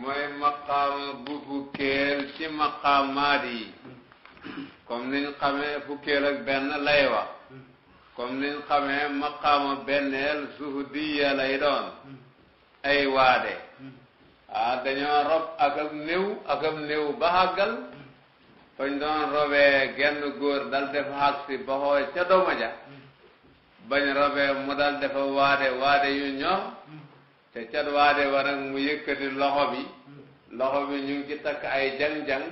mooy maqaama bu fukkeel ci maqaamaat yi comme niñ xamee fukkeel ak benn lay wax comme niñ xamee maqaama benneel suhudiya lay doon ay waade ah dañoo rob ak ab néew ak ab néew ba xàggal fañ doon robee genn góor dal def xàgg si ba ca dooma ja bañ robee mu dal defa waade waade yu ñoom te cadwaade ba nag mu yëkkati loxo bi loxo bi ñu ngi takk ay jang-jang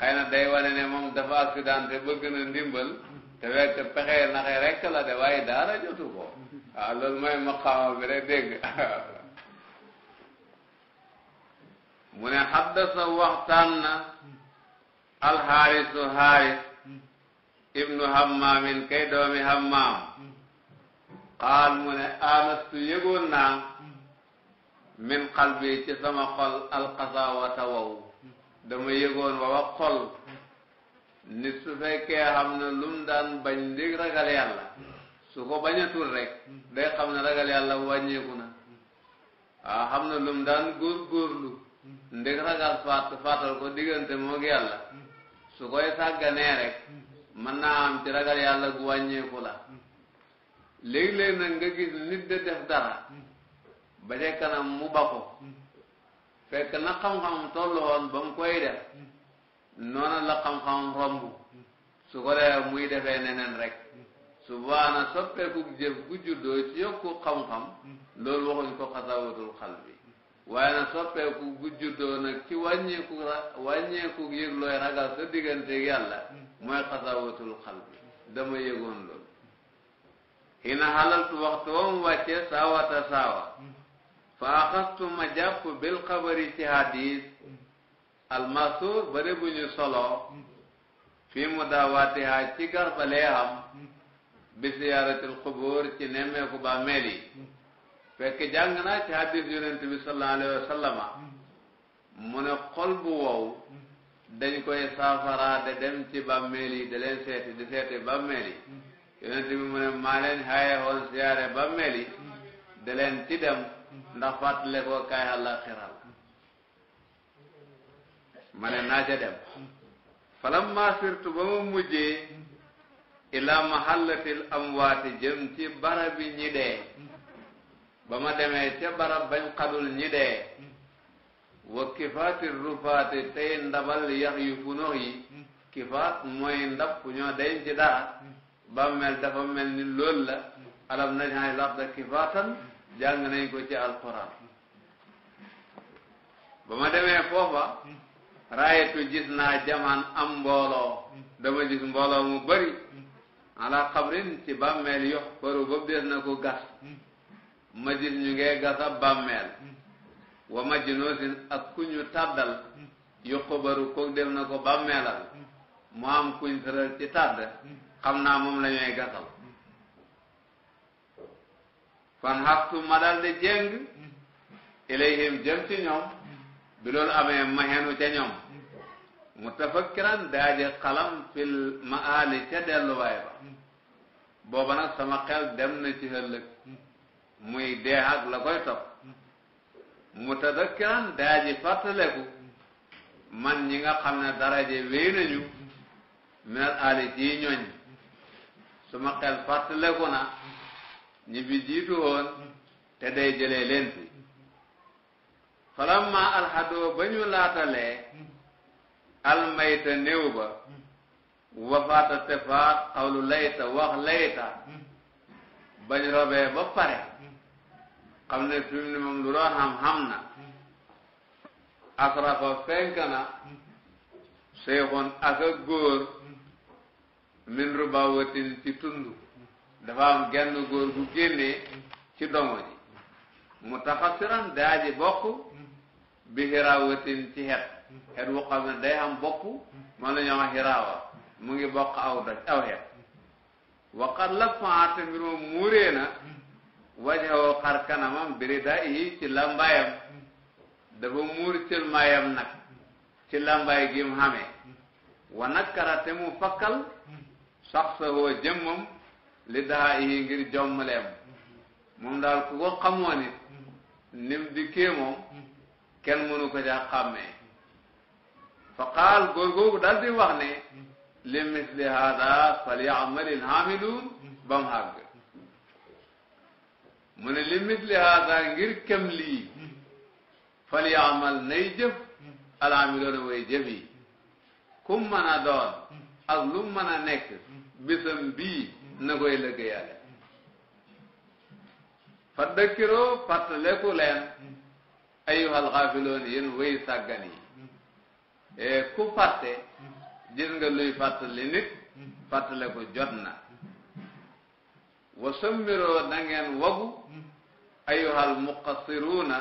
xëy na day wane ne moom dafa accidenté bëgg na ndimbal te fekk pexee naxe rekk la de waaye daara jotu ko waaw loolu mooy maqaama bi rek dégg mu ne xaddasa waxtaan na alxaarisu xaaris ibnu hammaamin kay doomi hammaam qaal mu ne anastu yëgoon naa min qalbi ci sama xol alxasaawata wow dama yëgoon wawa xol nit su fekkee xam ne lum daan bañ ndig ragal yàlla su ko bañatul rek day xam ne ragal yàlla wàññeeku na waaw xam ne lum daan góorgóorlu ndig ragal faat faatal ko diggante moog yàlla su koy sàgganee rek mën naa am ci ragal yàlla gu wàññeeku la léegi-léeg nag nga gis nit de def dara ba ca kanam mu baxu hmm. fekk na xam-xam tollu ba mu koy def hmm. noona la xam-xam romb hmm. su ko defee muy defee neneen rek subaana soppeeku jëf gu juddoo ci yokku xam-xam loolu waxuñ ko xasawatul xal bi waaye nag soppeeku gu juddoo nag ci wàññeeku wàññeeku yëg looy ragal sa digganteeg yàlla mooy xasawatul xal bi dama yëgoon loolu xina xalaltu waxtu wa mu wàccee saawata saawa fa axastu ma jàpp bil xabari ci hadis almasur bare bu ñu solo fii mu daawaatiha ci garbalee am bi siyaaratil xubur ci nemmeeku bàmmeel yi fekk jàng naa ci hadis yonent bi sallallahu alayhi wa mu ne xol bu wow dañ koy saafara de dem ci bàmmeel yi da leen seeti di seeti bàmmeel yi yonent bi mu ne maa leen xaye woon bàmmeel yi da leen ci dem ndax fàttale koo kaay àllaaxira la ma ne naa ca dem falam maa sirtu ba ma mujjee ila mahallatil amwaati jëm ci barabi ñi ba ma demee ca barab bañ xadul ñi dee wa kifaatir rufaati tey ndabal yax yu funox yi kifaat mooy ndab ku ñoo denc ci ba mel dafa mel ni loolu la alam nañ xay laxda kifaatan jàng nañ ko ci alquran ba ma demee foofa raayetu gis naa jaman am mbooloo dama gis mbooloo mu bari ala xabrin ci bàmmeel yox paru ba des na ko gas ma gis ñu ngee gasa bàmmeel wa ma jinoosin ak ku ñu tàddal yu xabaru koog dem na ko bàmmeelal mu am kuñ tëral ci tàdd xam naa moom lañuy ñuy gasal fan xabtu ma daal di jéng ilayhim jëm ci ñoom bi loolu amee ma xenu ca ñoom mutafakkiran daaje xalam fil maali ca delluwaay ba booba nag sama xel dem na ci ëllëg muy dee ak la koy topp mutadakkiran daaji fàttaleku man ñi nga xam ne daraje wéy nañu minal aali ci ñooñ suma xel fàttaleku na ñi fi jiitu woon te day jëlee leen fi falamma alxadoo ba ñu laatalee almayta néew ba wafaata te faat xawlu layta wax layta bañ robee ba pare xam ne fi mu moom lu doon xam xam na asrafa fenk na seyxoon ak a góor min rubawatin ci tund dafa am genn góor gu génnee ci dongo ji mu taxasiran daa ji bokk bi xiraawatin ci xet xet wu xam ne day am bokk man la ñoo xiraawa mu ngi bokk aw doj aw xet waxat la faate mbir moom muuree na wajewoo xar kanamam biri daa yi ci lambaayam dafa muur cëlmaayam nag ci lambaay gi mu xamee wa nakkara te mu fakkal sax sa jëmmam li daa yi ngir jommaleem moom daal ku ko xamoon it nim dikkee moom kenn mënu ko jaa xàmmee fa qaal góor googu daal di wax ne li misli hada fal yaamalil haamiluun ba mu àgg mu li misli hada ngir kem lii fal yaamal nay jëf alhaamiluuna way jëf kum mën doon ak lu mën a nekk bisam bii na koy liggéeyale faddakiroo fàttaleku leen ayyuhal xaafiloon yéen wéy sàggan yi e ku fàtte gis nga luy fàttali nit fàttaleku jot na wasammiroo na ngeen wagu ayyuhal muqassiruuna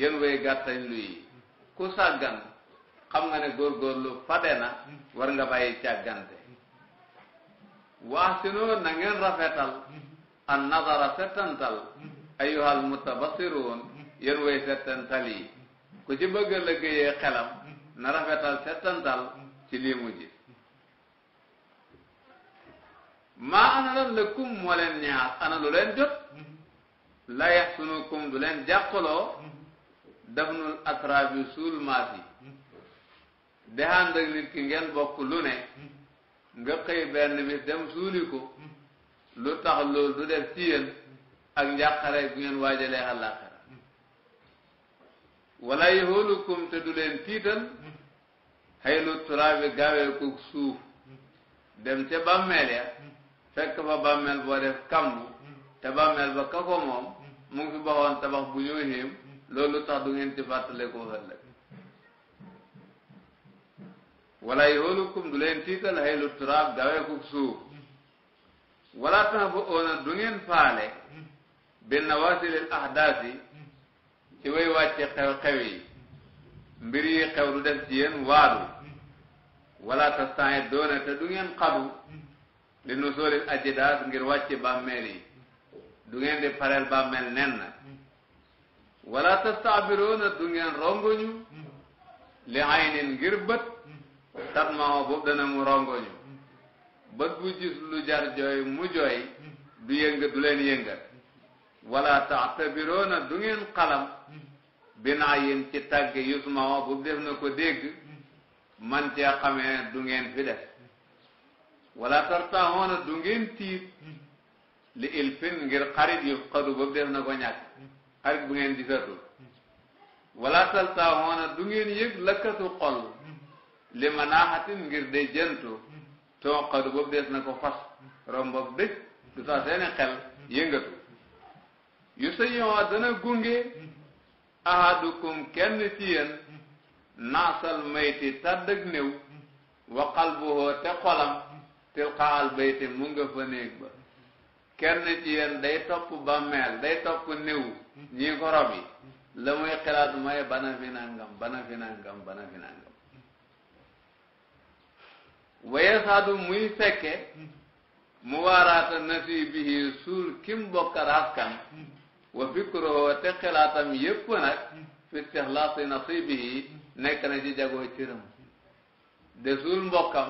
yéen wéy gàttañ lu yi ku sàggan xam nga ne góorgóorlu fade na war nga bàyyi càggante waxsinu na ngeen rafetal an nazara settantal ayyuhal mutabasiruun yéen way yi ku ci bëgg a liggéeyee xelam na rafetal settantal ci lii mu gis maa ana lan la kum moo leen ñaar ana lu leen jot la yaxsunukum du leen jàqaloo dafnul atrabi suul maas yi dexaan nit ki ngeen bokk lu ne nga xëy benn bi dem suuli ko lu tax loolu du def ci yéen ak njàqare bu ngeen waajalee àllaaxira wala yahulukum te du leen tiital xëy lu turaabi gaawee ko suuf dem ca bàmmeel ya fekk fa bàmmeel boo def kambu te bàmmeel ba ka ko moom mu ngi fi baxoon tabax bu ñëw xiim loolu tax du ngeen ci fàttale koo ëllëg wala yoolukum du leen tiital haylu turaab gaweeku suuf wala tax oona du ngeen faale bi nawaasilil ahdaas ci way wàcce xew-xew yi mbir yi xew du def ci yéen waadu wala tastaay doone te du ngeen xadu li nu ajidaas ngir wàcce bàmmeel yi du ngeen di pareel bàmmeel nen na wala tastaabiroona du ngeen rongoñu li aynin ngir bët tat ma boobu dana mu rongoñu bët bu gis lu jar jooy mu jooy du yënga du leen yëngal wala taxtabiroona du ngeen xalam binaa yéen ci tàgg yus boobu def na ko dégg man cee xamee du ngeen fi def wala tartaxoona du ngeen tiit li ilfin ngir xarit yu xadu boobu def na ko ñàkk xarit bu ngeen gisatul wala tartaxoona du ngeen yëg lakkatu xol li ngir day jëntu too xadu boobu des na ko fas rombog dëj du tax seeni xel yëngatu yu sa dana gunge ahadukum kenn ci yéen naasal mayti tàddag néew wa qalbuhu te xolam tilqaal bayti mu nga fa néeg ba kenn ci yéen day topp bàmmeel day topp néew ñii ko rob yi la muy xalaat mooy bana fi bana fi bana fi waye saadu muy fekke mu na nasi bihi suur kim bokkal askan wa fikro te xalaatam yépp nag fi istixlaasi nasibihi nekk na ci jagoo cëram de suul mbokkam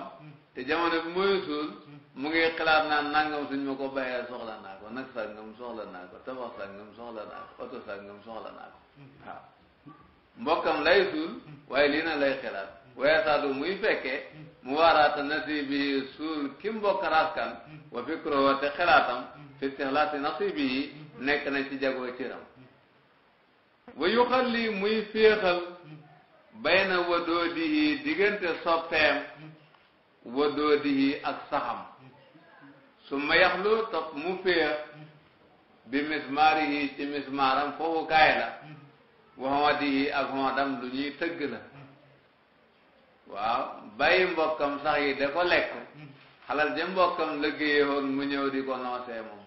te jamono bi muy suul mu ngi xalaat naan nangam suñ ma ko bàyyee soxla naa ko nag sangam soxla naa ko tabax sangam soxla naa ko oto sangam soxla naa ko mbokkam lay suul waaye lii na lay xalaat weesaalu muy fekkee mu waaraata nasibi suul ki mbokk raskan wa fikro te xelaatam fi istixlaasi nasibi yi nekk na ci jagoo ciram wa yuxalli muy féexal bayna wadoodihi diggante soppeem wadoodihi ak saxam su ma yaxlu topp mu féex bi mismaarihi ci mismaaram foofu kaay la waxoon dihi ak xoodam lu ñuy tëgg la waaw bàyyi mbokkam sax yi da ko lekk xalal ja mbokkam liggéeyee woon mu ñëw di ko noosee moom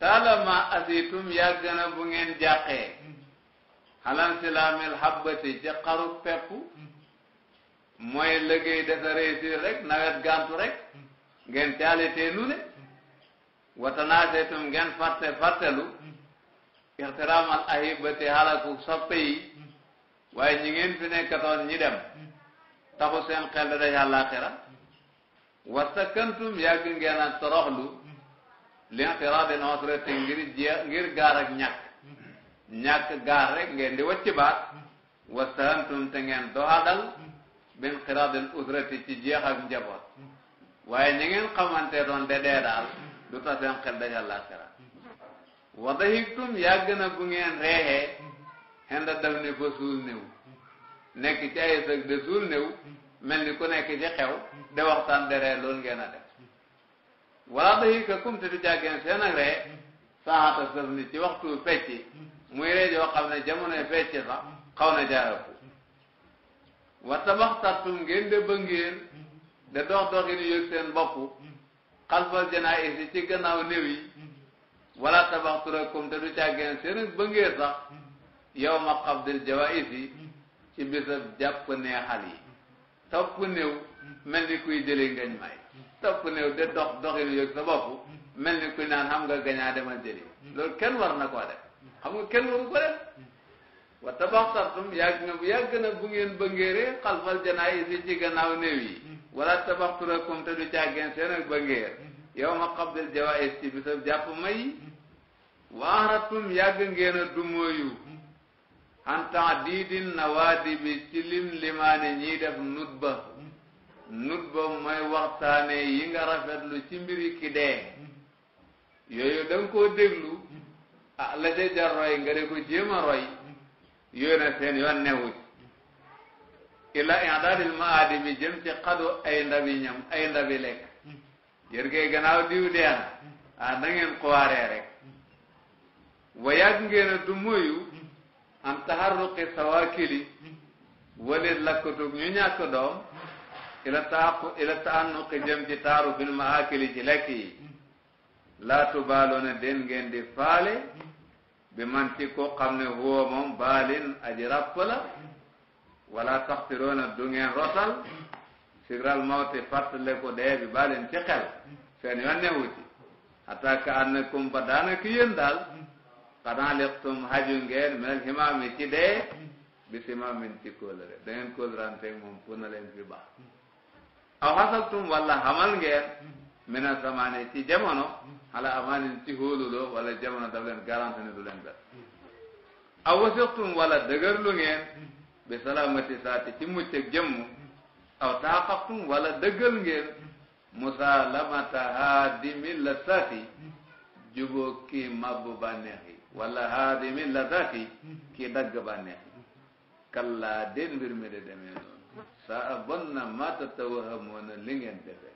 taalama asitum yàgg na bu ngeen jàqee xalal silaamil xabbati ci xaru pepp mooy liggéey dafa réussir rek nawet gàntu rek ngeen caalitee lu ne watanaasetum ngeen fàtte fàttelu ixtiraamal ahibati xalaku soppe yi waaye ñi ngeen fi nekkatoon ñi dem taxu seen xel da day àllaaxira wastakantum yàgg ngeen a toroxlu linfiraadin usrati ngir jeex ngir gaar ak ñàkk ñàkk gaar rek ngeen di wacc baat wastahantum te ngeen doxadal bin xiraadin usrati ci jeex ak njaboot waaye ñi ngeen xamante doon de dee daal du tax seen xel dañ àllaaxira wadahiktum yàgg na bu ngeen reexee xenda daf ne fa suul néew nekk ci ay sëg de suul néew mel ni ku nekk ci xew de waxtaan de ree loolu ngeen a def wala dayi ka kumte du jàggeen seen ak ree saxaata sëf ni ci waxtu fecci muy ree yoo xam ne jamonoy fecci sax xaw na jaaraku wa tabax tattum ngeen de ba de dox doxi yëg seen bopp xalfal janaa isi ci gannaaw néew yi wala tabax turakum te du jàggeen seen ak ba sax yow ma qabdil jawaïs yi ci bisab jàpp neexal yi topp néew mel ni kuy jëli ngañ may topp néew de dox doxin yëg sa mel ni kuy naan xam nga gañaa demal jëli loolu kenn war na koo def xam nga kenn waru ko def wa tabaxtartum yàgg na yàgg na bu ngeen bëngeere xalfal janaay yi ci gannaaw néew yi wala tabaxturakum te du càggeen seen ak bëngeer yow ma qabdil ci bisab jàpp may waaratum yàgg ngeen a dumóoyu xantaa diidin na waadi bi ci lim limaane ñiy def nutba nutba mooy waxtaane yi nga rafetlu ci mbiri ki dee yooyu da nga déglu ah la ca jar roy nga de ko jéem roy yooyu na seen yoon newut ila i'daadil maadi bi jëm ci xadu ay ndabi ñam ay ndabi lekk jërgee gannaaw diw deen ah na xuwaaree rek wayaag ngeen a du moyu an taharruqi sawaakili walit lakkutug ñu ñàkk doom ila taaqu ila taannuqi jëm ci taaru bil maakili ci lekk yi laa tubaaluna den ngeen di faale bi man ci ko xam ne huwa moom baalin aji ràpp la wala taxtiroona du ngeen rotal sigral mawti fàttale ko dee bi baalin ci xel seen yoon newu ci attaque annakum ba daanaka yéen daal xanaa liqtum haju ngeen minal himaami ci dee bi simaamin ci kóolare da ngeen kóolarante moom pour na leen fi baax aw xasabtum wala xamal ngeen mina samaane ci jamono xala amaanin ci hóoluloo wala jamono daf leen garanti ne du leen bet aw wasiqtum wala dëgërlu ngeen bi salaamati saati ci mucc ak jëmm aw taaqaqtum wala dëggal ngeen musaalamata haadimi la saati jubóo mabbu bànneex wala haadimi ladaki kii dagg bànneex kallaa déen mbir mi de demee noonu saa a bon na maata tawahamoona li ngeen defe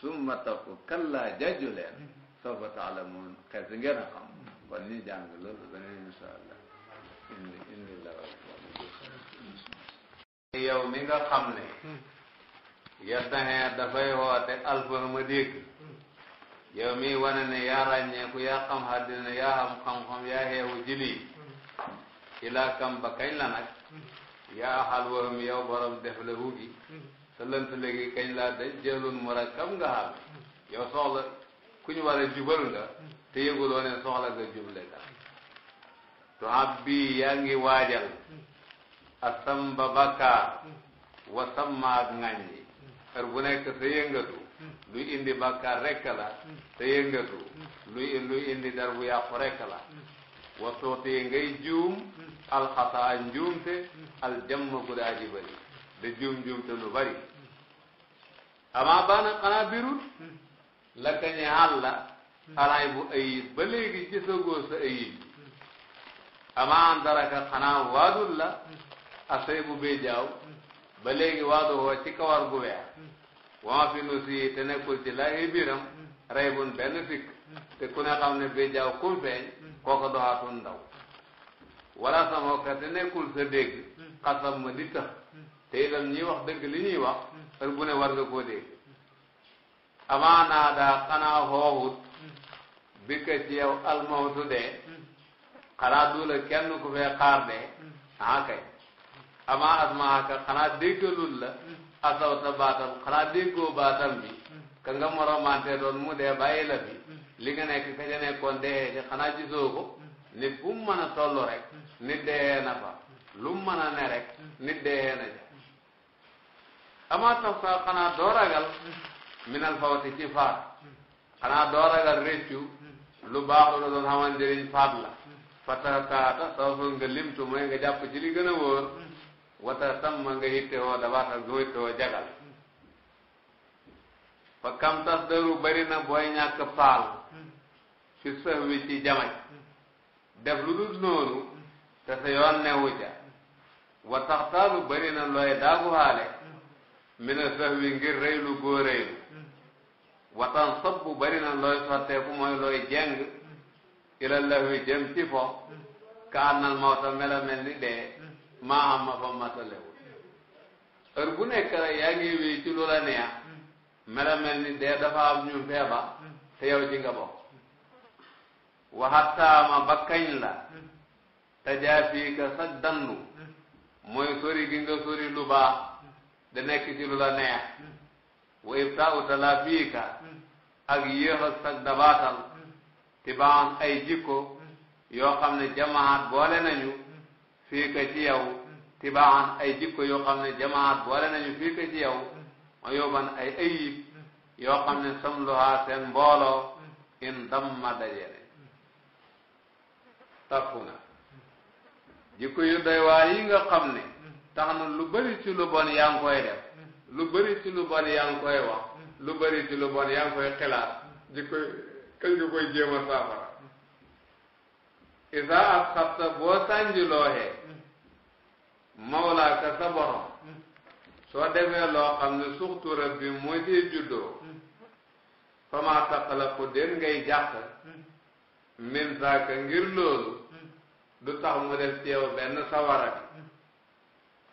summa topp kallaa jajju leen sawfa a xam kon ñu jàng loolu beneen insha allah indi indi la yow mi nga xam yow mi wane ne yaa ràññeeku yaa xam xaddina yaa xam xam-xam yaa xeewu ci lii ilaa kañ la nag xal wahum yow borom def la hugi sa lënt léegi kañ laa daj jëlun murakkab nga xam yow soxla ku ñu jubal nga te yëguloo ne soxla nga juble nga to ab bii yaa ngi waajal asamba bakkaar wasam maag ngañ yi heure bu nekk sa luy indi bàkkaar rekk la te yëngatu luy indi dar bu yàqu rekk la wa sootee ngay juum alxataa njuumte aljamma gu daa ji bëri da juum juumte lu bëri amaa baax na xanaa birul la kañe àlla xanaay bu ayib ba léegi gisagoo sa ayib amaa an daraka xanaa waadul la asay bu bee jaaw ba léegi waadu woo ci kawar gu waa fi nu si te nekkul ci laay biiram rey bun benn sikk te ku ne xam ne bi jaaw kum feeñ kooko doxaatun ndaw wala sama ka te nekkul sa dégg xasam ma di tax te itam ñiy wax dëgg li ñuy wax ak war nga koo dégg amaa naa daa xanaa xooxut bi ka ci yow almawtu dee xanaa du kenn ku fee xaar dee ah amaa asmaa ka xanaa déggalul la asaw sa baatam xanaa déggoo baatam bi ka nga doon mu dee bàyyi la li nga nekk ka ca nekkoon dee ci xanaa gisoo ko nit fu toll rek nit dee na fa lu mën a ne rek nit dee na ca amaa tax sa xanaa doo ragal minal fawti ci faat xanaa doo ragal lu baax doon xamal njëriñ faat la fata taata soo ko nga limtu mooy nga jàpp ci li gën a wóor wata tam ma nga hitte woo dabaata gu hitte woo jagal fa kam tas daru booy ñàkk faal fi sëx wi ci jamaj def lu dul noonu te sa yoon newu ca wa taxtaaru bari looy daagu xaale mina sëx wi ngir reylu goo reylu watan sob bu bari looy sottee bu mooy looy jeng ila lahwi jëm ci fo ka annal mawta mela mel ni dee maa am ma fa matalewul heure bu nekk yaa ngi wéy ci lu la neex mela ni dee dafa am ñu feeba te yow ci nga bokk waxataama ba kañ la tajaafi ka sag dandu mooy sori gi nga sori lu baax da nekk ci lu la neex wa ibtaau talaafiika ak yéex a sag dabaatal tibaan ay jikko yoo xam ne jamaat boole nañu fii ka ci yow tibaan ay jikko yoo xam ne jamaat boole nañu fii ka ci yow ma yóbban ay ayib yoo xam ne samluhaa seen mbooloo in damma dajene takku na jikko yu doy waa yi nga xam ne tax na lu bëri ci lu bon yaa ngi lu bëri ci lu bon yaa ngi koy wax lu bëri ci lu bon yaa ngi koy xalaat jikko kañ nga koy a saafara isa ak xatta boo mawlaa ka sa borom soo defee loo xam ne suxtu bi moo ci juddoo fama taqalaqu den ngay jàq min saaka ngir loolu du tax mu def ci yow benn sawara bi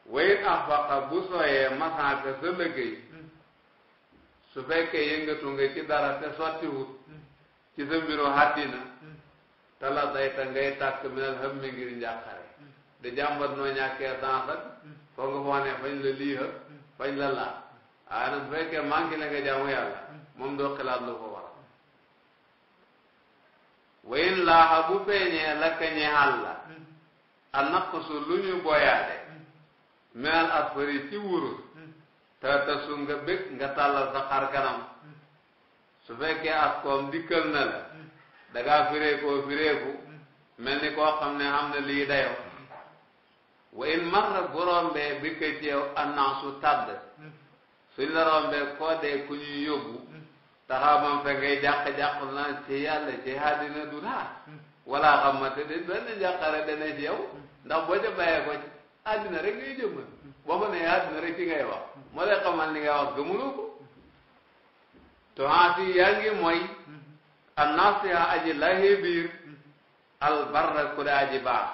wayit axfaqa bu sooyee masaaka sa lëggéey su fekkee yëngatu nga ci dara te sottiwut ci sa mbiru àddina te la dayta ngay tàkk minal xam mi ngir njàqare di jàmbat noo ñàkkee temps ak foog nga fañ la lii fañ la laaj waaye nag bu fekkee manqué na nga jaamu moom doo lu ko waral wayin laaxa bu feeñee lakka ñeexal la a naqsu lu ñu boyaade minal asfari ci wurus te nga bég nga tàllal sa kanam su fekkee askoom dikkal na la da ngaa fireekoo fireeku mel ni koo xam ne am na lii dayoo wa in marra bu rombee bi ko ci yow annaasu tàdd suñ koo dee ku ñuy yóbbu taxaamam fe ngay jàq-jàq na ci yàlla ci àddina du dara wala xam ma te de benn jàqare dana ci yow ndax boo ca bàyyee ko ci àddina rek ngay jëmmal boo ko nee àddina rek ci ngay wax moo lay xamal li ngay wax gëmuloo ko to haati yaa ngi mooy annaasiha aji laxe biir albarra ku da aji baax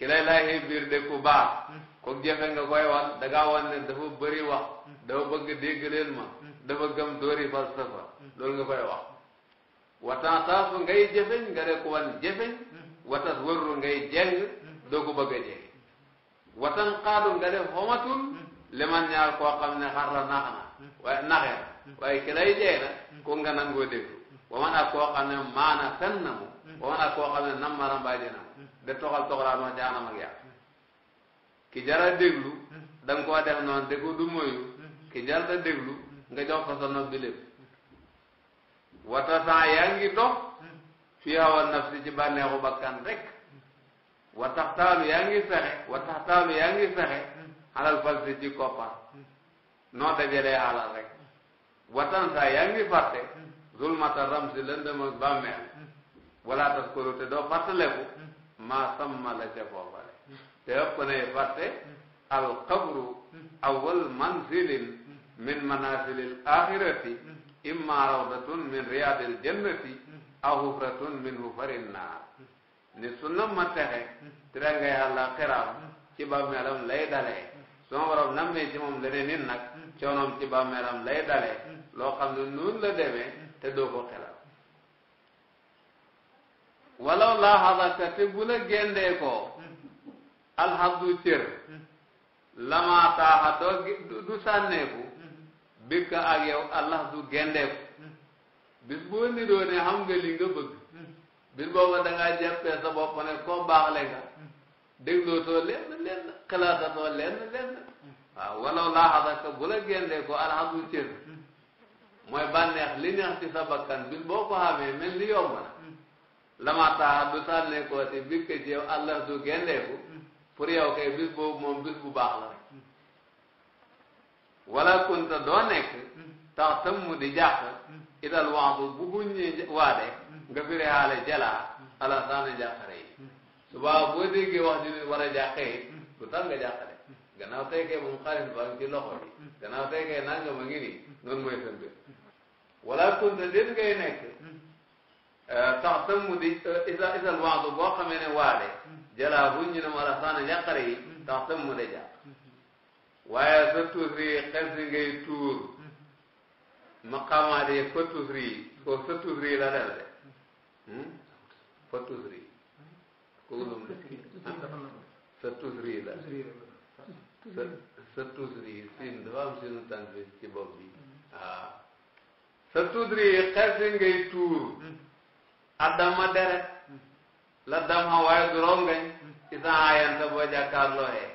ki lay laajee biir de ku baax hmm. kooku jafe nga koy wan da ngaa wan ne dafa bëri wax hmm. dafa bëgg dégg leen ma hmm. dafa gëm dóori falsafa loolu nga koy wax wataan saafu ngay jëfeñ nga de ku wan jëfeñ watas wërru ngay jeng doo ko bëgg a jege watan xaadu nga def xomatul liman ñaar koo xam ne xar la nax na waaye naxee na na ku nga nangoo déglu waman ak koo xam ne maana fen mu waman ak koo xam ne nam maram bàjji na mu di toxal toxalaanoo ci anam ak yàq ki jara déglu da nga koo def noonu déglu du moyu ki jar da déglu nga jox ko sa nopp bi yaa ngi dox fii hawa nafsi ci bànneexu bakkan rek watax taalu yaa ngi fexe watax taalu yaa ngi fexe alal falsi ci koppar noo dajalee alal rek watan yaa ngi fàtte zulmata ramsi lëndëm ak bàmmeel wala tas kolo te doo fàttaleku maa samma la ca boobale te ëpp nay fàtte al qabru awal manzilin min manazilil axirati imma rawdatun min riyadil jannati aw hufratun min hufarin naar ni su na ma texe tira nga yàlla xiraam ci bàmmeelam lay dalee suma borom nammee ci moom leneen nit nag coonoom ci bàmmeelam lay dalee loo xam ne noonu la demee te doo ko xela walaw laa xasaka te bu la géndee ko alhamdu cër lama taaxa doo du sànneeku bi ka ak yow allah du géndeeku bis boo niroo ne xam nga li nga bëgg bis booba da ngaa jàppee sa bopp ne koo baaxle nga dégloo too lenn lenn xalaatatoo lenn lenn waaw walaw laa xasaka bu la géndee ko alhamdu cër mooy bànneex li neex ci sa bakkan bis boo ko xamee mel ni yomb lama taxa du sànne koo ti bik ka yow allah du gendeeku pour yow kay bis boobu moom bis bu baax la rek wala kunta doo nekk tax tëmm di jàq ital waxtu bu guññi waade nga firi xaale jalaa ala saana jàqare yi subaa boo déggee wax ju ne war a jàqee du tax nga jàqare gannaaw tey kay moom xaalis ba ngi ci loxo bi gannaaw tey kay nanga ma ngi nii noonu mooy sëmbe wala kunta déet ngay nekk Euh, tax tëmm di euh, isa isal waxtu boo xamee ne waade jalaa bu ñu ne ma la sànni tax tëmm de jàq waaye sa tuusri xel si ngay tuur maqaamaat yi fa tuusri ko sa tuusri la del de hmm? fa tuusri kooku lu mu la sa sa tuusri siin dafa am sinu tànk ci bopp bi waaw sa tuusri tuur addama deret la dama waaye du rongañ ci sa aayanta boo jàkkaarlooyee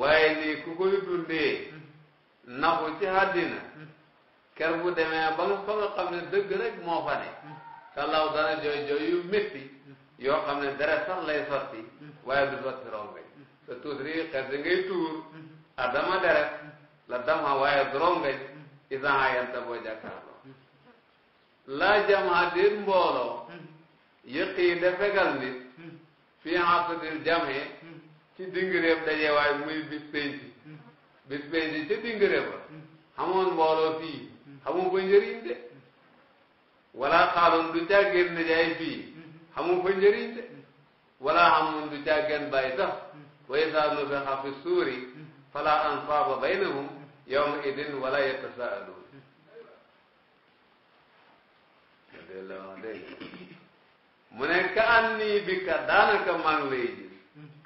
waaye lii ku koy dundee naxu ci àddina ker bu demee ba nga fa ne dëgg rek moo fa ne talaw dana jooy jooy yoo xam ne deret sax sotti waaye du sotti rongañ te tuutri xet si ngay tuur addama deret la dama waaye du rongañ ci sa laa jamaa déet mbooloo hmm. yëqii da fegal nit hmm. fii xasatil jamee hmm. ci dingiréeb dajewaay muy bis penc bis penc ca dingiréeba xamoon mbooloo fii xamu fa njëriñ de wala xaaloon du càggeen nijaay fii xamu fa njëriñ de wala xamoon du càggeen bàyyi tax wa isaa nufixa fi suuri fala anfaaba baynahum yawma idin wala yatasaaluun mu ne ka an nii bi ka daanaka maa ngi lay gis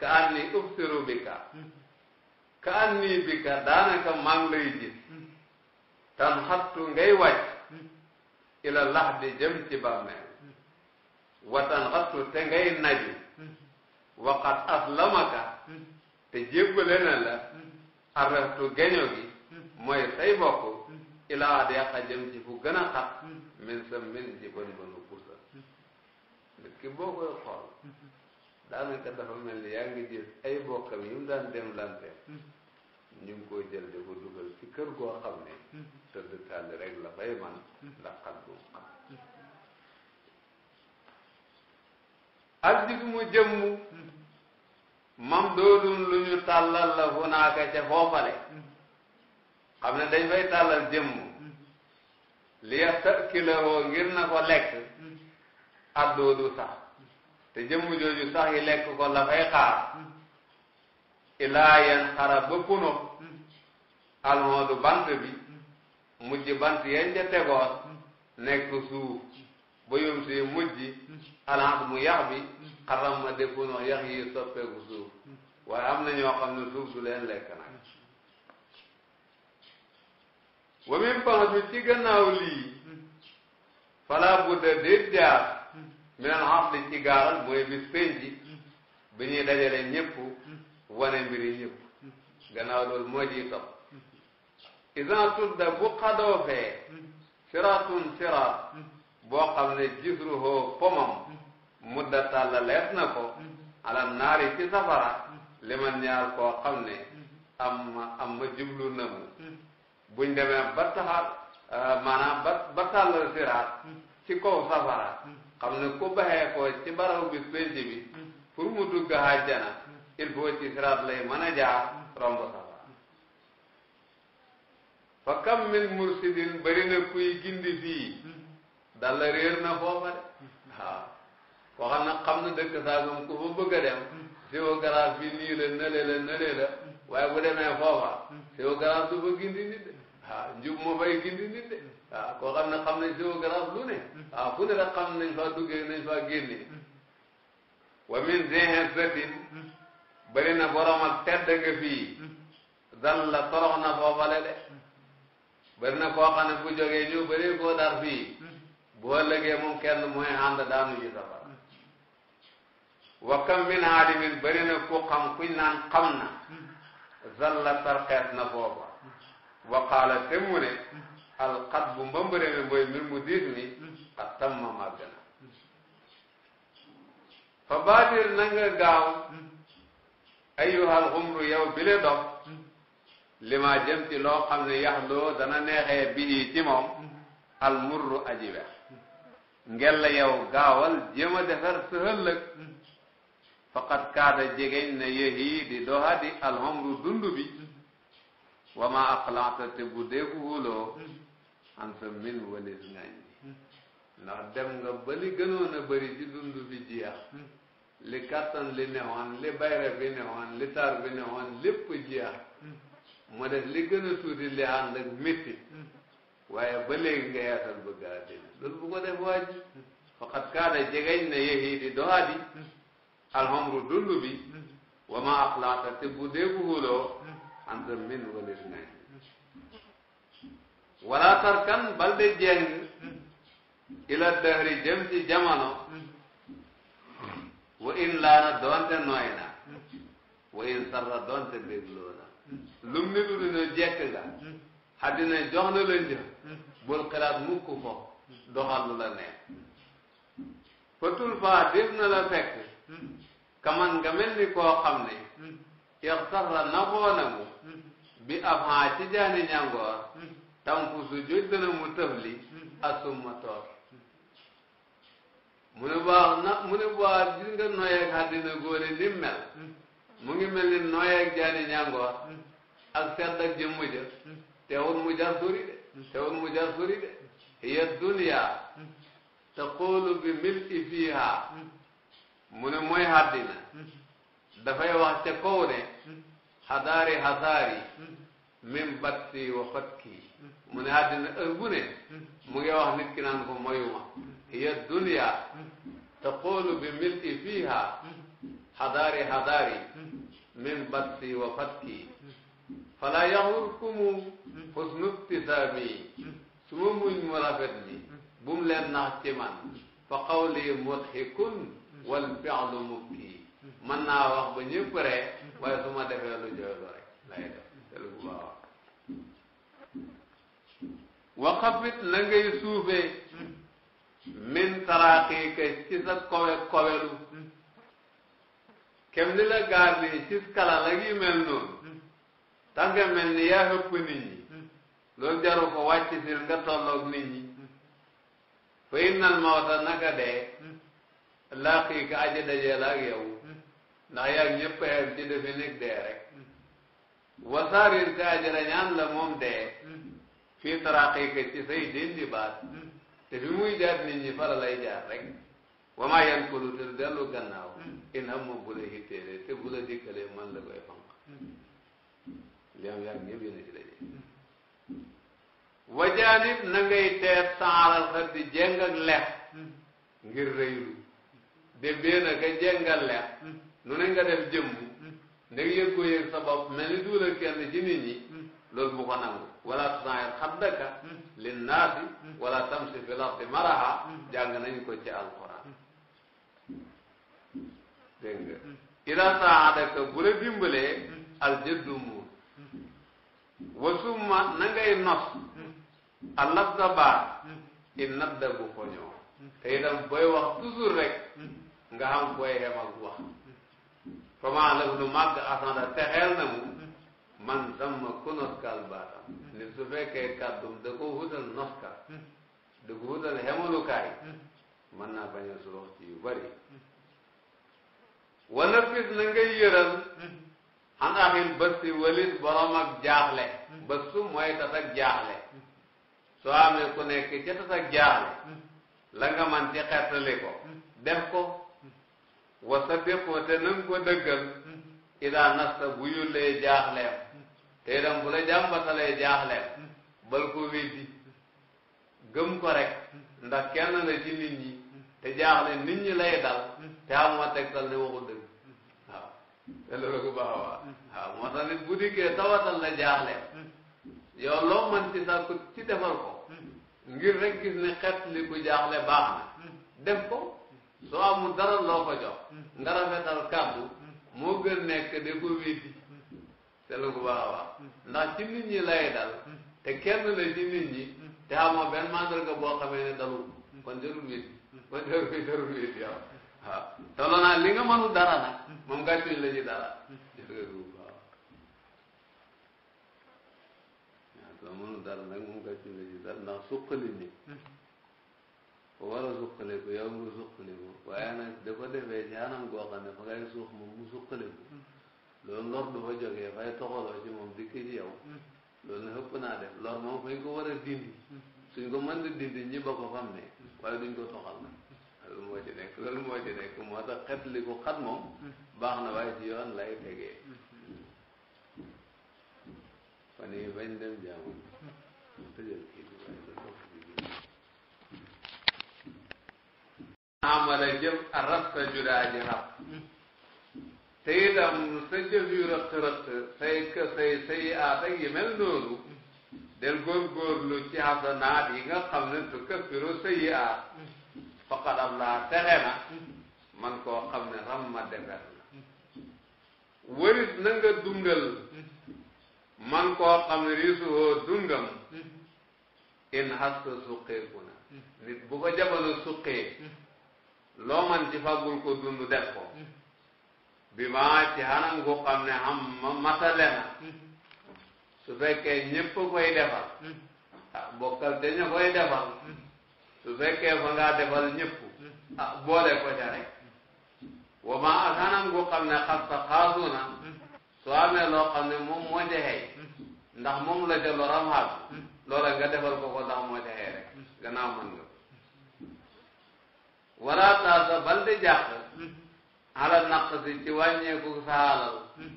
ka an nii bi ka ka an bi ka daanaka maa ngi lay gis tan xattu ngay wàcc ila lax di jëm ci bàmmeel wa tan xattu te ngay naju waqat aslamaka te jébbale na la arraftu geño gi mooy say bopp ilaa di yàqa jëm ci fu gën min sa min ji bon bonu pusa nit boo koy xool daanaka dafa mel ni yaa ngi gis ay bokkam yu mu daan dem lante ñu ngi koy jël di ko dugal ci kër goo xam ne tëdd tàlli rek la fay man ndax xam bu xam ak mu jëmm mam doodun lu ñu tàllal la fu naaka ca foofale xam ne dañ fay tàllal jëmm li yastakilahoo ngir na ko lekk hmm. addoodu sax te jëmm jooju sax yi lekk ko la fay xaar hmm. ilaa yen xara ba puno hmm. almoodu bant bi mujj bant yen ja tegoon nekk suuf ba yom see mujj alhans mu yax bi xaram ma de puno yax yi soppeeku suuf waaye am na ñoo wa min ci gannaaw lii falaa budda déet jaar min al xafli ci gaaral mooy bis penji bi ñuy dajale ñëpp wane mbiri ñëpp gannaaw loolu moo ciy topp isan bu xadoo fee siratun boo xam ne gisruhoo pomam mudda tàlla lees na ko alam naari ci safara liman ñaar koo xam ne am ma am na mu buñ deme ba taxaat euh, maanaam ba siraat ci kaw safara xam ne ku baxee ko ci baraw bi pénc bi pour mu dugg àjjana il faut siraat lay mën a jaar romb safara fa kam min mursidin bëri na gindi fii dalla réer na foofa de waaw koo xam ne xam na dëkk saagum ku fa bëgg a dem géographie bi nii la nële la nële la waaye bu demee foofa géographie du gindi nit de ah njub moo fay gindi nit de ah koo xam ne xam nañ géographie lu ne ah la xam nañ faa duggee nañ faa génnee wa min zihin satin bëri na borom ak tedd nga fii dal la na foofale de bëri na koo xam ne bu dar fii bu ëllëgee moom kenn mooy ànd daanu ji safar wa kam min aalimin bëri ku xam kuñ naan xam na zal la tarxeet na foofa waqaala te mu ne alxat bu mbambare mi mooy mbir mu diis mi xat tamma màgg na fa baadir na nga gaaw ayyuhal xumru yow bi le dox li ma jëm ci loo xam ne yax loo dana neexee bi ci moom al murru aji wex ngel la yow gaawal jéem a defar sa ëllëg faqat kaada jegeñ na yéhi di doxa di alxumru dund bi wama aqlanta te bu dee ku xuloo an sa min walis ngañ ndax dem nga ba li gënoon a bëri ci li kattan li newoon li bayra bi newoon li tar bi newoon lépp jeex mu des li gën a tuuti li ànd ak métti waaye ba léegi nga yaatal bëgg a dina loolu bu ko def waaj faqat kaana jegeñ na yéhi di doxaadi alhamru dund bi wama aqlanta te bu dee ku entre min walis nañ wala tarkan bal de jeng ila dahri jëm ci wa in laana doonte nooy na wa in sarra doonte dégloo na lum lu dina jekk nga xaddina jox na la bul xalaat mukk fo doxal la neex fatul faa def la fekk kaman nga mel ni koo xam ne ixtarra nafoo na mu bi avant ci jaani ñàngoor hmm. tànkusu joj dana mu tëfli hmm. asumma toor hmm. mu ne baax na mu ne baax gis nga nooyeeg àddina góore ni mel mu ngi mel ni nooyeeg jaani ñàngoor ak sedd ak jëmm ja teewul mu jar sori de teewul mu jar sori de hiya dunia taqulu bi mil'i fiha mu ne mooy àddina dafay wax ca kaw ne xadaari xadaari même batti wa xot kii mu ne àddina heure mu ngi wax nit ko moyuma hiya dunia taqulu bi mil'i fiha hadari hadari min batti wa xot fala yaxurkumu xusnu ibtisaami su ma muñ mu rafet mi bu man fa qawli mudxikun wal fi'lu mubki mën naa wax ba ñëpp rek waaye su ma defee waxafit na ngay suufee min taraaqiika ci sa kowe kowelu kem ni la gaar ni ci kala la gi mel noonu tax mel ni yaa xëpp nit ñi loolu jaru ko wàcc si nga tolloog nit ñi fa innal mawta naka dee laaqiika aja dajee la ak yow ndax yaa ñëpp a yem ci defe nekk dee rek wasaarir te ajara ñaan la moom dee fii taraqi ka ci say dindi baat te fi muy jaar nit ñi fala lay jaar rek wamaa yan kolu te du dellu gannaaw in hamma bu la hitteele te bu la dikkalee man la koy fanq li am yàgg ñëpp yéen a ci daje wajaanib na ngay teet saaral xat di jeng ak ngir rëylu de bee ka jengal lex nu ne nga def jëmm ndeg yëg ko yëg sa bopp mel ni duula kenn ci nit ñi hmm. loolu bu ko nangu wala tusaayir xaddaka hmm. linnaasi hmm. wala tamsi fil ardi maraha jàng nañ ko ci alquran dégg nga ila saadaka bu la dimbalee aljëddu muur wasumma na ngay nos alaf sa baat in nadda bu ko ñoo te itam booy wax toujours rek nga xam booy xem ak comment la lu màgg texeel na mu man damma ku noskal baatam nit su fekkee kàddum da ko wutal noskal da ko wutal xemalukaay mën naa bañ a ci yu bëri wala fit na ngay yëral xanaaxil bësti walit borom ak jaaxle bëstu mooy tas ak jaaxle soo amee ku nekk ca tas jaaxle la nga man ci xettali ko def ko wasadiqoo te nanga ko dëggal ida nasta bu yullee jaaxleem te itam bu la jàmbatalee jaaxleem bal ko weddi gëm ko rek ndax kenn la ci nit ñi te jaaxle nit ñi lay dal te amoo tegtal ne waxu dëgg waaw te loolu ko baax waa waaw moo tax bu dikkee tawatal la jaaxleem yow loo mën ci sàkku ci defal ko ngir rek gis ne xet li ku jaaxle baax na def ko soo amul dara loo ko jox hmm. nga rafetal kàddu hmm. moo gën nekk de ko wéddi hmm. te lu ko baax a wax ndax ci nit ñi dal te kenn la ci nit ñi te amoo benn mandarga boo xamee ne dalul kon jarul wéddi kon jarul jarul wéddi yow waaw tolloo naa li nga mënul dara nag moom gàccuñ la ci dara soo mënul dara nag moom gàccuñ la ci dara ndax suqali nit wala suqaliku yow nga suqaliku waaye na da ko defee ci anam goo xam ne fa ngay suux mu suqaliku mm-hmm. loolu lor du fa jógee fay toxaloo ci moom dikk ci yow mm-hmm. loolu na xëpp naa def lor moom fañ ko war a dindi mm-hmm. suñ ko mën di dindi ñi ba ko fam ne waaye duñ ko toxal nag loolu moo ci nekk loolu moo ci nekk moo tax xet li ko xat moom baax na waaye ci yoon lay tegee fan yi bañ dem jaamu amala jëf a rasta juraaji rab te itam sa jëf yu rëq rëq say say say aat ak yi noonu del góorgóorlu ci xasanaat yi nga xam ne tu kaffiro sayi aat faqad am laa texe na man koo xam ne ram ma defet la warit na nga dundal man koo xam ne risuhoo dungam in xasta suqeeku na nit bu ko jabana suqee loo man ci fàggul ko dund def ko bi maa ci xanam gu xam ne xam matale na su fekkee ñépp koy defal ah bokkal te ña defal su fekkee fa ngaa defal ñépp ah boole ko ca rek wa ma ak xanam gu xam ne xas sa na soo amee loo xam ne moom moo ca xëy ndax moom la ca loram xaas loola nga defal ko ko ndax moo ca xëy rek gannaaw mën nga wala a bal di jàq xala hmm. naq si ci wàññeeku sa alal hmm.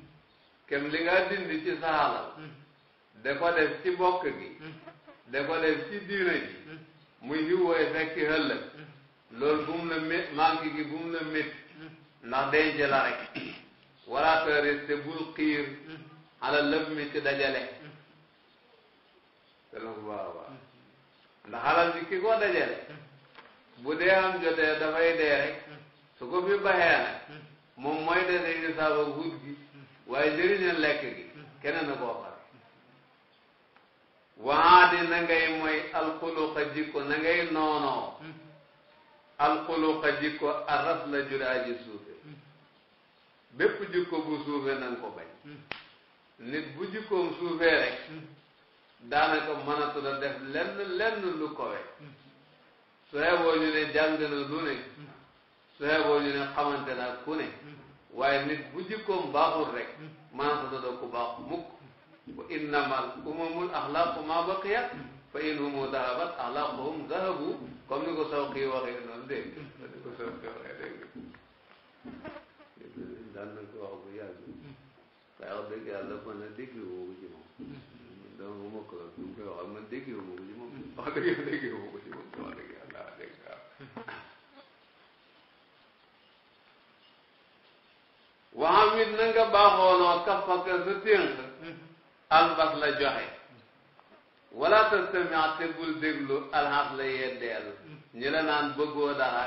kem li nga dindi ci sa alal ko def ci bokk gi da ko def ci hmm. diina ji muy hiwooy fekk ëllëg loolu bu mu la mét gi bu mu la métti ndax day jëla rek wala te bul xiir xala lëf mi ci dajale te la ko ji ki ko dajale bu dee am jotee dafay dee rek su ko fi baxee nag moom mooy de dañuy saaba wut gi waaye jëriñal lekk gi keneen na koo xam waadi na ngay mooy alxuluqa jikko na ngay noonoo alxuluqa jikko arras la juraa suufe bépp jikko bu suufe na nga ko bañ nit bu jikkoom suufee rek daanaka mënatu la def lenn lenn lu su xeeboo ñu ne jàng na lu ne su xeeboo ñu ne xamante na ku ne waaye nit bu jikkoom baaxul rek maanaam sa doo ko baax mukk wa innamal umamul axlaaqu ma baqiyat fa in humu dahabat axlaaquhum dahabu comme ni ko saw kii waxee noonu dégg nga ni ko saw kii waxee dégg nga daan nañ ko wax bu yàgg waaye wax dëgg yàlla man na dégg woowu ci moom dama ko mokk la bu mu koy waxal man dégg woowu ci moom wax dëgg dégg woowu ci moom wax dëgg waxam it na nga baaxoonoo kafaka sa ténk albas la joxe wala tastami te bul déglu alxas la yeddeel ñi la naan bëggoo dara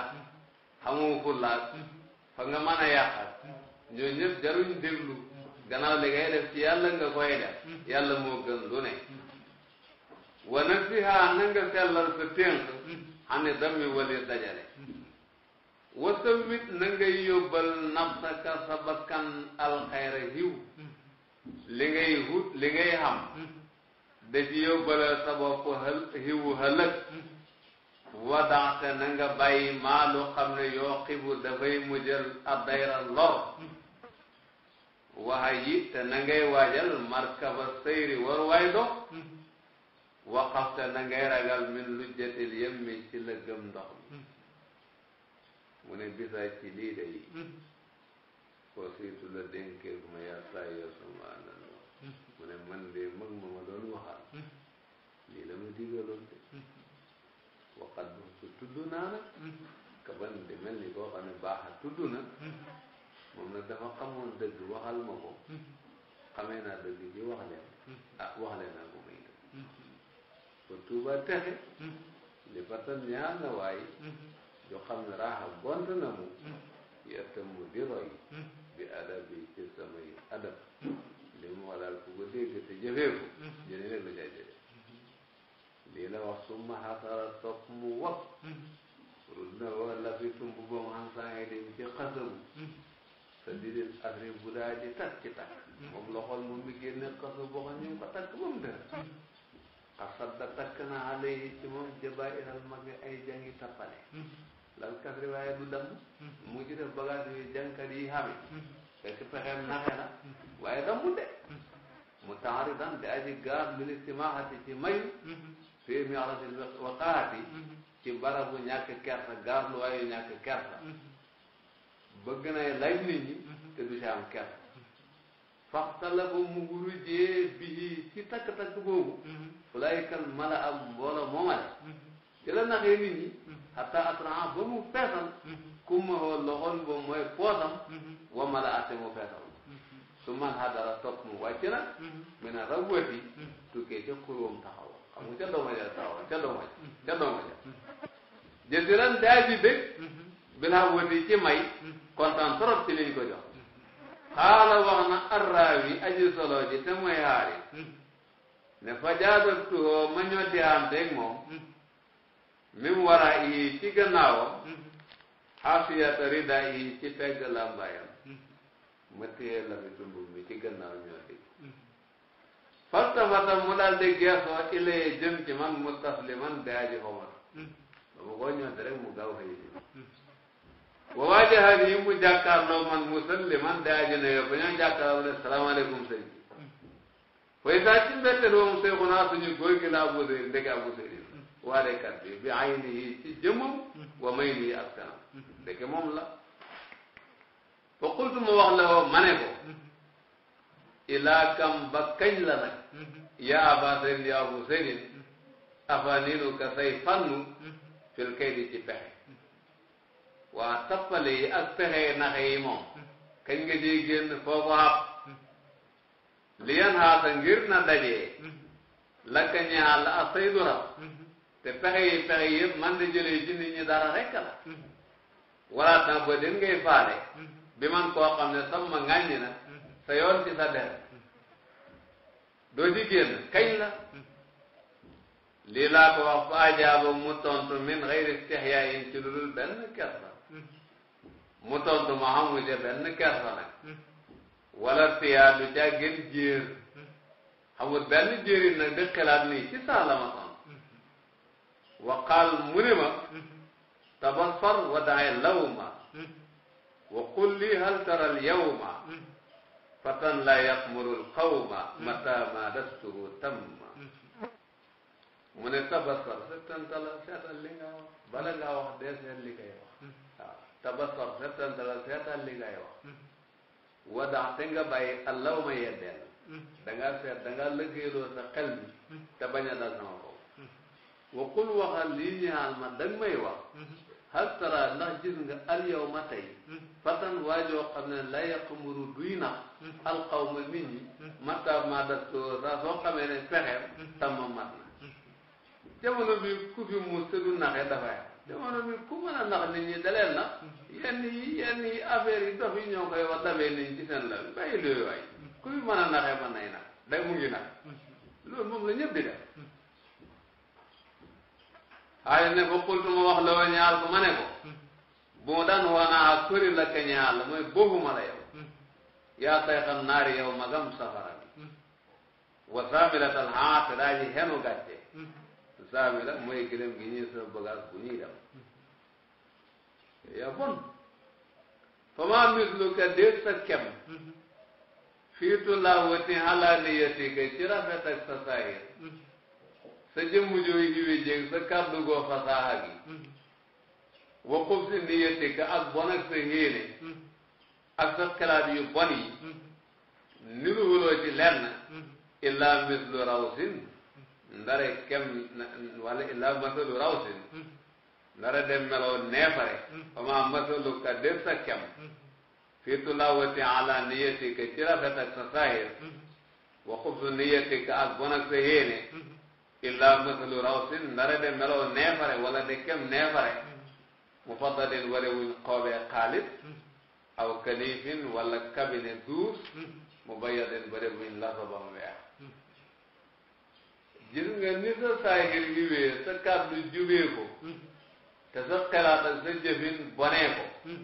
xamoo fu laaj fa nga mën a yàqal ñoo ñëpp jaruñ déglu gannaaw li ngay def nga koy def yàlla lu ne wa nasiha na nga sellal sa ténk xam ne dammi walis dajale wasamit na ngay yóbbal nafsaka sa bakkan alxayra hiw mm-hmm. li ngay hut li ngay xam mm-hmm. da ci yóbbalal sa bopp hiwu halëg mm-hmm. wadaxte na nga bàyyi maa lu xam ne yoo xibu dafay mujjal addayra lor waxa yi te na ngay waajal markaba sayri war waay dox waqafta na ngay ragal min lujjatil yemmi ci lëggëm ndox mi hmm. mu ne bisaa ci lii day wasiitu hmm. la dénkeef ma yàllaa yoo sama àndandoo hmm. mu ne man ma ma doon waxal lii la ma digaloon de waqat bu su tudd ka ban de mel ni koo xam ne baaxa tudd na moom nag dafa xamoon dëgg waxal ma ko xamee naa dëgg ji wax leen ah wax leen naa ko ko texe li fatan ñaal na waay ju xam raax raaxa gont na mu mm-hmm. yetta di roy mm-hmm. bi adab yi ci samay mm-hmm. li mu walaal ku ko dégg te jëfee ko jëne rek la caa jële lii la wax summa xasara topp mu wax rut na wala fi tumb ba mu xam saa ngi dem ci xasabu sa didil afri bu daa ji takk ci takk moom loxol moom mi génne xasa boo xam ñu ko takk ba mu dara asadda takk naa alayhi ci moom jëbaa iral mag ay jàngi tappale hmm. lan kasri waaye du damm hmm. mu ci def bagage yi jàngkat yi xame hmm. fekk pexeem naxe na waaye dammu de mu taaridan di aji gaar min istimaaxati ci mayu fii mi arasil waqaati ci barabu ñàkk kersa gaar lu waayu ñàkk kersa bëgg nay lay nit ñi te du ci am kersa faxtalafu mu wurujee bii ci takk-takk boobu ulaayikal mala am mbooloo moomale mm-hmm. ci la naxee nit ñi mm-hmm. hatta atran ba mu feesal mm-hmm. kummahoo loxoon ba mooy poosam wa mala atte mu feesal su man topp mu wàcc na min a rabwati tukkee ca xurwam ca dooma ja taxawa ca dooma ja ca dooma ja jësiran daa ji dëgg bilaa ci may kontaan ci liñ ko jox xaala wax na arraawi aji solo ji te mooy ne fa jaadal ma ñoo di àndeeg moom min wara yi ci gannaawam xaafiyata rida yi ci pegg làmbaayam la mi dumbu mi ci gannaaw ñoo di faltafata mu daal di geesoo ilayee jëm ci man mustasliman daaji xomar ba ma koo ñoo di rek mu gaaw xëy wa waajahan yi mu jàkkaarloo man musalliman daaji ne yo ba ñoo jàkkaarloo ne salaamaaleykum sëñ way saa ci mbette doom seexunaa suñu góor gi la Abu Zayd ndeke Abu Zayd bi bi ayni ci jëmmam wa may nii ak kanam la fa qultu ma wax la woo ma ne ko kam ba kañ la nag yaa Aba Zayd yaa Abu Zayd afaniinu ka say fannu fil kaydi ci pexe waa tappale yi ak pexe naxe yi moom kañ nga ciy génn foo ko xaab li yan haata ngir na dajee mm-hmm. lakka ñaal la ak saydu rab mm-hmm. te pexe man de jëlee ci nit ñi dara rekk la mm-hmm. wala tam ba faale bi man koo xam ne sama ngàññi na sa yoon ci sa der doo ci génn kañ la lii laa ko wax fa ajaaba mu tontu min xayri istihyaa'in ci lu dul benn kersa mu tontu ma xamu ja benn kersa nag wala fiyaa du jàggeen jéer xam nga benn jéerin nag di xelaat nii ci saa la ma xam waqaal mu ne ma tabassar wa daay lawma wa qul li hal tara al yawma fatan la yaqmuru al qawma mata ma dasturu tamma mu ne tabassar settantala seetal li nga wax bala ngaa wax dee seet li ngay wax waaw tabassar settantala seetal li ngay wax wadax te nga bay allahuma yeddeel da ngaa hmm. danga da ngaa lëggéeyloo sa xel mi hmm. te bañ a dal sama kaw hmm. waqul waxal lii ñaal ma da nga may wax hal tara ndax gis nga al yow ma tey waajoo xam ne la yaqmuru duy nax al qawma nit ñi matta ma dattoo saa soo xamee ne pexeem tamma mat na jamono bi ku fi mu sëdu naxe dafay jamono bi ku mën a nax nit ñi daleen na yenn yi yenn yi affaire yi dox yi ñoo koy wax dabee nañ ci seen la bàyyi looyu waay kuy mën a naxee mën nay nax day mu ngi nax loolu moom la ñëpp di def xaalis ne ko xultu ma wax la wa ñaal ko ne ko bu mu daan kori la ka ñaal mooy boofuma la yow yaa tay xam naari yow magam safara bi wa saamilatal xaat daa ji xenu gàcce saa mi mooy gëlëm gi ñuy suñu bagage bu ñuy dem mislu ka déet sa kem fiitu laa wati xalaaniyatika ci rafet ak sa saayir sa jëmm jooy hiwe jéeg sa kàddu goo fasaaxa gi wa si niyatika ak bon sa héene ak sa xalaat yu bon yi niruwuloo ci lenn mislu rawsin ndare kem walla illaa rawsin mm. ndare dem neefare fama mm. masalu ka def sa kem mm. fi tulawati ala niyatika ci rafet ak sa saahir wa xubsu niyatika ak bon ak sa yéene rawsin ndare de meloo neefare walla de kem neefare mufaddalin wala wuñ xoobee xaalis aw kanifin walla kabine duus mubayadin wala wuñ lafa ba mu weex gis nga ni sa saahir yi wee sa kàddu jubee ko mm-hmm. te sa xelaat ak sa jëfin bonee ko mm-hmm.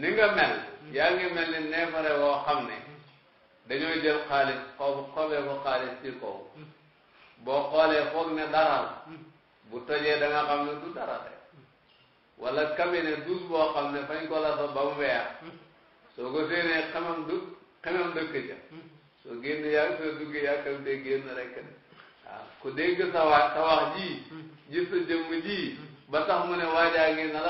ni nga mel mm-hmm. yaa ngi mel ni neefare woo xam ne dañoo jël xaalis xob xobee ko xaalis ci kaw boo xoolee xoog ne dara la bu tojee da xam ne du dara de wala kamine duus boo xam ne fañ ko la sa ba soo ko séenee xamam du xamam dëkk ca soo génn yaa ngi soo duggee yàkkamtee génn rek ne ko dégg sa wax sa wax ji hmm. gis sa jëmm ji hmm. ba tax mu ne waajaa ngi na hmm.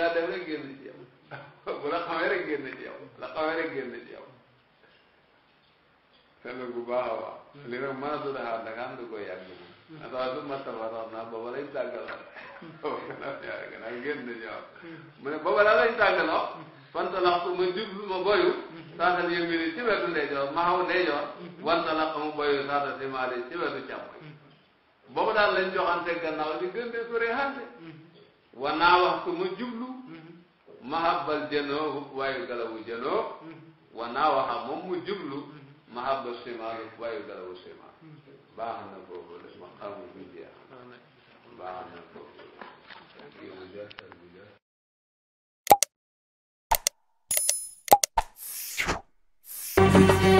nga bu la xamee rek génn ci yow la xamee rek génn ci yow seetlu bu baax a baax li rek mën a tudd xaar da nga am du ko yàgg na tax du ma tafa sax naa booba lañ mu ne booba la lañ tàggaloo fantalax ko ma jublu ma boyu saata yëmini ci wetu ndeyjoor ma xaw ndeyjoor wantalax ko ma boyu saata simaali ci wetu càmmoñ boobu daal lañ joxante gannaaw di gën de sore hante wanaa wax ko ma jublu ma habbal jënoo waayu galawu jënoo wanaa waxa moom mu jublu ma habbal simaalu waayu galawu simaal baax na boobu la ma xamu bi jeex baax thank you